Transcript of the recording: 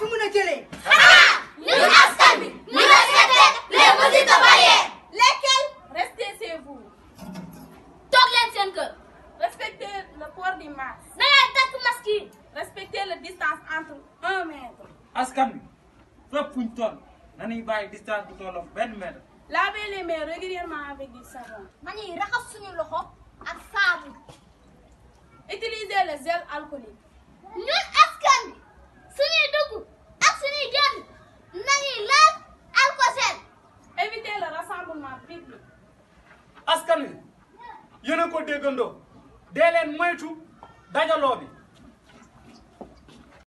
fi mën a jëlee. xanaa ah! ñun askan bi mën a seetee les mesures de barrière. lesquelles. restez chez vous. toog leen seen kër. respectez port du masque. na ngeen takk masque yi. la distance entre un mètre. askan bi fépp fu ñu toll nañuy bàyyi distance bu tolloog benn mètre. lavez les mains régulièrement avec du savon. ma raxas suñu loxo ak saabu. utilisez le gel alcoolique. askan wi yéen a ko déggandoo dee leen moytu dajaloo bi